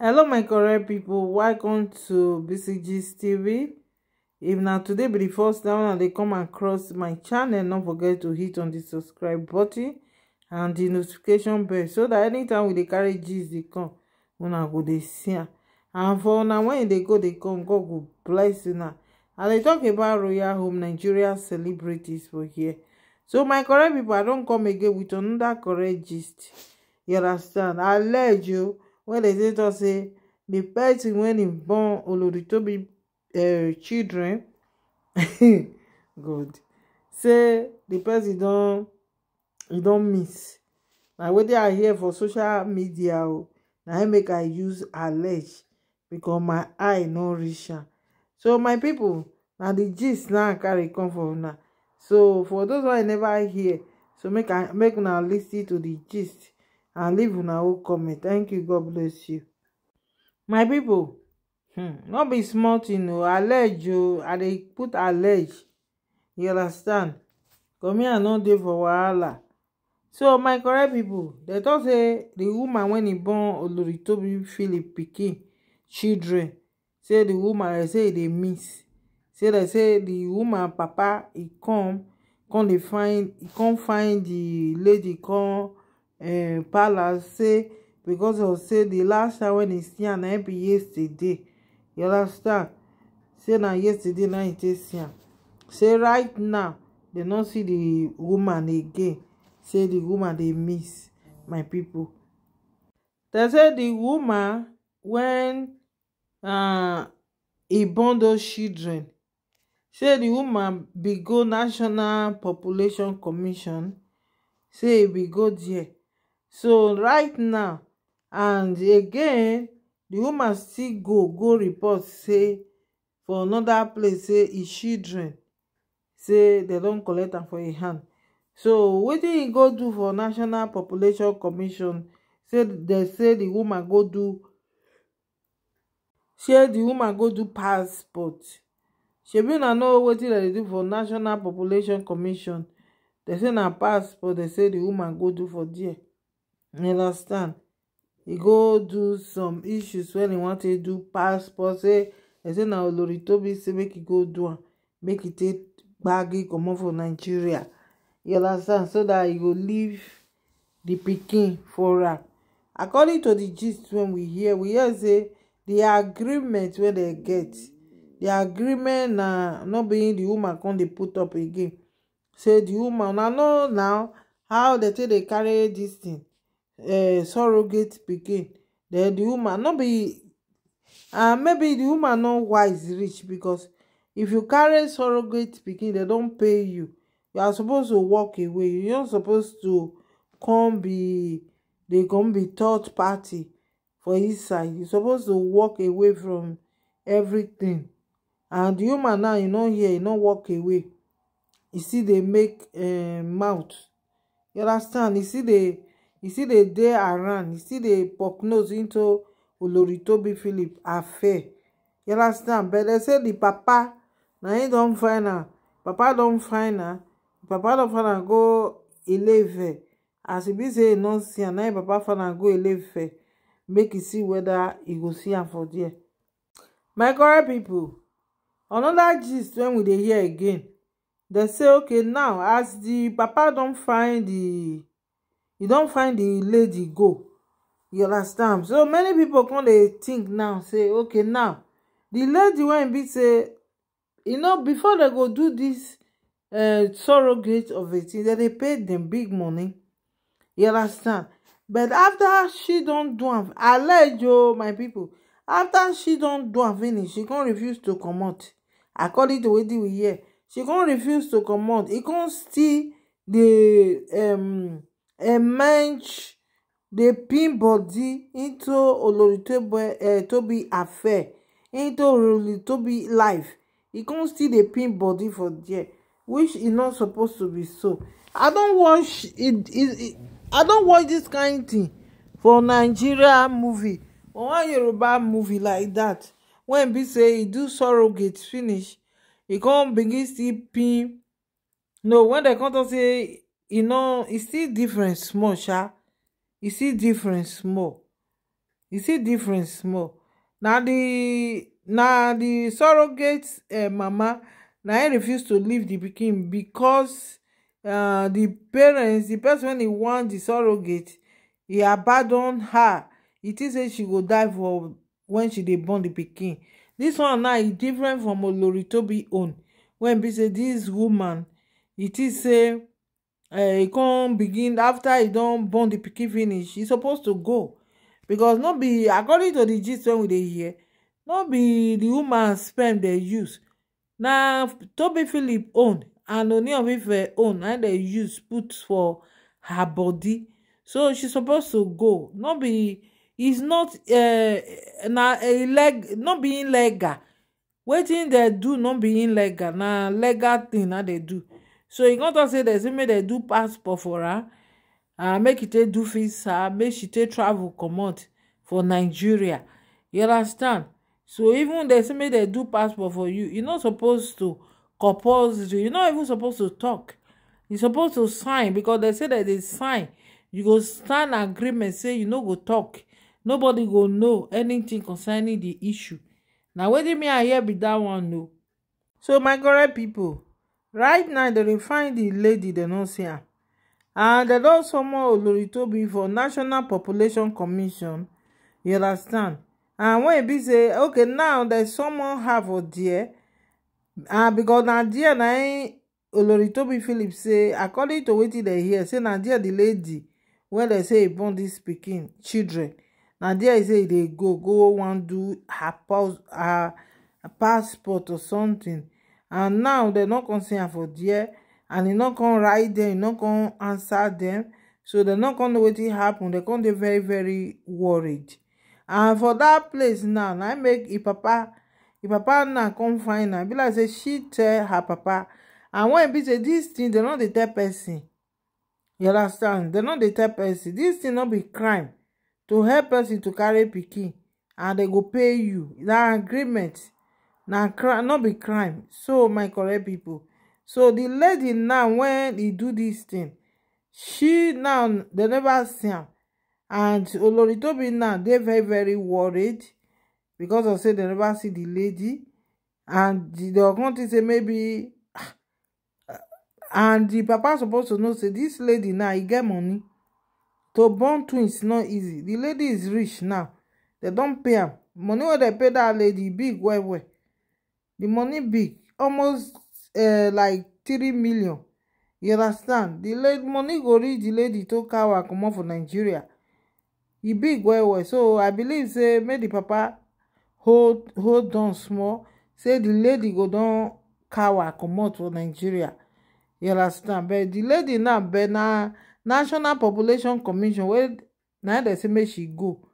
hello my correct people. welcome to bcgs tv if na today be di first time una dey come across my channel don't forget to hit on the subscribe button and the notification bell so that anytime we carry gist they come when I go dey see and for now, when they go they come god will bless you una i dey tok about royal home nigeria celebrities for here so my correct people, i don't come again with another correct gist you understand you wey dem talk say The person wen im born oloritobi children good say the person don e don miss na wetin i hear for social media o na im make i use allege because my eye no reach am so my people, na the gist na i carry come for una so for those one i never hear so make una lis ten to the gist and leave una own comment thank you god bless you my pipo hmm, Not be smart, you oh. know. allege o oh. i dey put allege you understand Come comia no dey for wahala so my correct people. They tok say the woman when he born oloritobi philip pikin children say the woman say e dey miss say dem say the woman papa he come come dey find e come find the lady come um palace say because of say the last time when e see am na be yesterday you understand say na yesterday na im take see am say right now They no see the woman again say the woman they miss my people. They say the woman when uh, e born those children say the woman bin go national population commission say we go there so right now and again the woman still go go report say for another place say e children say they don collect am for im hand so wetin he go do for national population commission say they say the woman go do say the woman go do passport shebi una know wetin dem dey do for national population commission dem say na passport dem say the woman go do for there you understand e go do some issues wey e wan take do passport say dem say na olori tobi say make e go do am make e take gbagi comot for nigeria you understand so dat e go leave di pikin for am according to di gist wey we hear we hear say di agreement wey dem get di agreement na no be di woman come dey put up again say di woman una know now how dem take dey carry dis thing uh, surrogate pikin then the woman no be uh, maybe the woman no wise reach because if you carry surrogate pikin they don pay you you are supposed to walk away you no suppose to come be dey come be third party for inside you suppose to walk away from everything and the woman now you no hear you no walk away You still dey make um, mouth you understand You still dey e still dey dey around e still dey poke nose into olori philip affair you understand but dem say di papa na him don find am papa don find am papa don find am go ile-ife as e be say e no see am na him papa find am go ile make e see weda e go see am for there my correct people. Another gist wey we dey hear again dem say okay now as di papa don find di you don find the lady go you understand so many people come dey think now say okay now the lady wey be say you know before they go do dis eh, surrogate of a thing dem dey pay them big money you understand but after she don do am alejo oh, my people. After she don do am finish she con refuse to comot according to wetin we hear she con refuse to comot e con still dey um emenge dey pin body into olori eh, affair into olori tobi life e con still dey pin body for there which e not suppose to be so i don watch it. i don watch this kind thing for nigeria movie for one yoruba movie like that. When be say e do surrogate finish e con begin still pin no when dem come talk say e no e still different small sha e still different small e still different small na the na the surrogate uh, mama na im refuse to leave the pikin because uh, the parents the person wey e wan the surrogate he abandon her e think say she go die for when she dey born the pikin this one now e different from olori tobi own When be say this woman e think say Eh, he come begin after he don born the pikin finish He suppose to go because no be according to the gist wey we dey hear no be the woman sperm dey use na Toby philip own and oni of ife own na dey use put for her body so she suppose to go no be is not Uh. na no be illegal wetin dem do no be illegal na legal thing na dey do so e come talk say dem say make dem do passport for her and uh, make e take do visa make she take travel comot for nigeria you understand so even dem say make dem do passport for you you no suppose to compulsory you no even suppose to talk you suppose to sign because dem say dem dey sign you go sign agreement say you no go talk nobody go know anything concerning the issue na wetin me i hear be that one o so my correct people right now dem dey find di lady dem no see am and dem don summon oloritobi for national population commission you understand and when e be say okay now dem summon her for there and because na there na oloritobi philip say according to wetin dem hear say na there di lady wey dem say e born dis pikin children na there e say e dey go go wan do her passport or something and now they no come see am for there and they no come write them, they no come answer them. so they no come know it happen They come dey very very worried and for that place now na make im e papa im e papa now come find am e be like say she tell her papa and when e be say this thing dem not the third person you understand dem not the third person This thing not be crime to help person to carry picking, and they go pay you that agreement na crime not be crime so my correct people. so the lady now when e do this thing, she now they never see am and oloritobi now they very very worried because of say they never see the lady and the ogun think say maybe ah, and the papa supposed to know say this lady now he get money to born twins not easy The lady is rich now they don't pay am money wey they pay that lady big well well the money big almost uh, like three million you understand the lady money go reach the lady to kawa comot for nigeria e big well well so i believe say make the papa hold hold on small say the lady go don kawa comot for nigeria you understand but the lady now be na national population commission wey na dey say make she go